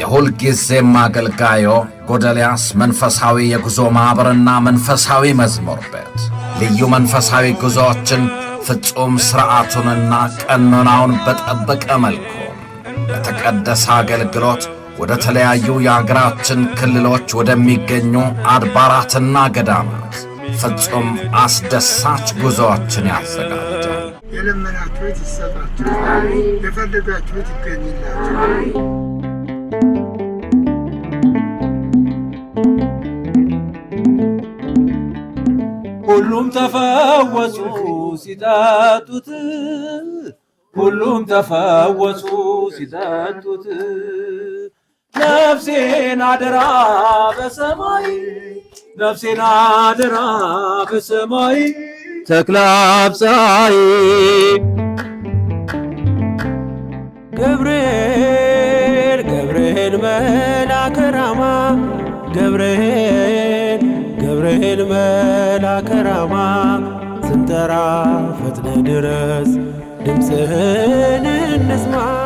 የሁልጊዜም አገልጋዮ ጎደልያስ መንፈሳዊ የጉዞ ማኅበርና መንፈሳዊ መዝሙር ቤት ልዩ መንፈሳዊ ጉዞዎችን ፍጹም ሥርዓቱንና ቀኖናውን በጠበቀ መልኩ ለተቀደሰ አገልግሎት ወደ ተለያዩ የአገራችን ክልሎች ወደሚገኙ አድባራትና ገዳማት ፍጹም አስደሳች ጉዞዎችን ያዘጋጃል። የለመናችሁት ይሰጣችሁ፣ የፈለጋችሁት ይገኝላችሁ። ሁሉም ተፈወሱ ሲጠጡት፣ ሁሉም ተፈወሱ ሲጠጡት። ነፍሴን አደራ በሰማይ ነፍሴን አደራ በሰማይ ተክለ አብሳዬ ገብርኤል ገብርኤል መልአከ ራማ ገብርኤል ገብርኤል መልአከ ራማ ስንጠራ ፈጥነ ድረስ ድምፅህን እንስማ